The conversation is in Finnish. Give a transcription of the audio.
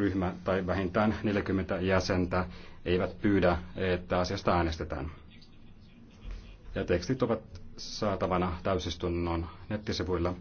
ryhmä tai vähintään 40 jäsentä eivät pyydä, että asiasta äänestetään. Ja tekstit ovat saatavana täysistunnon nettisivuilla.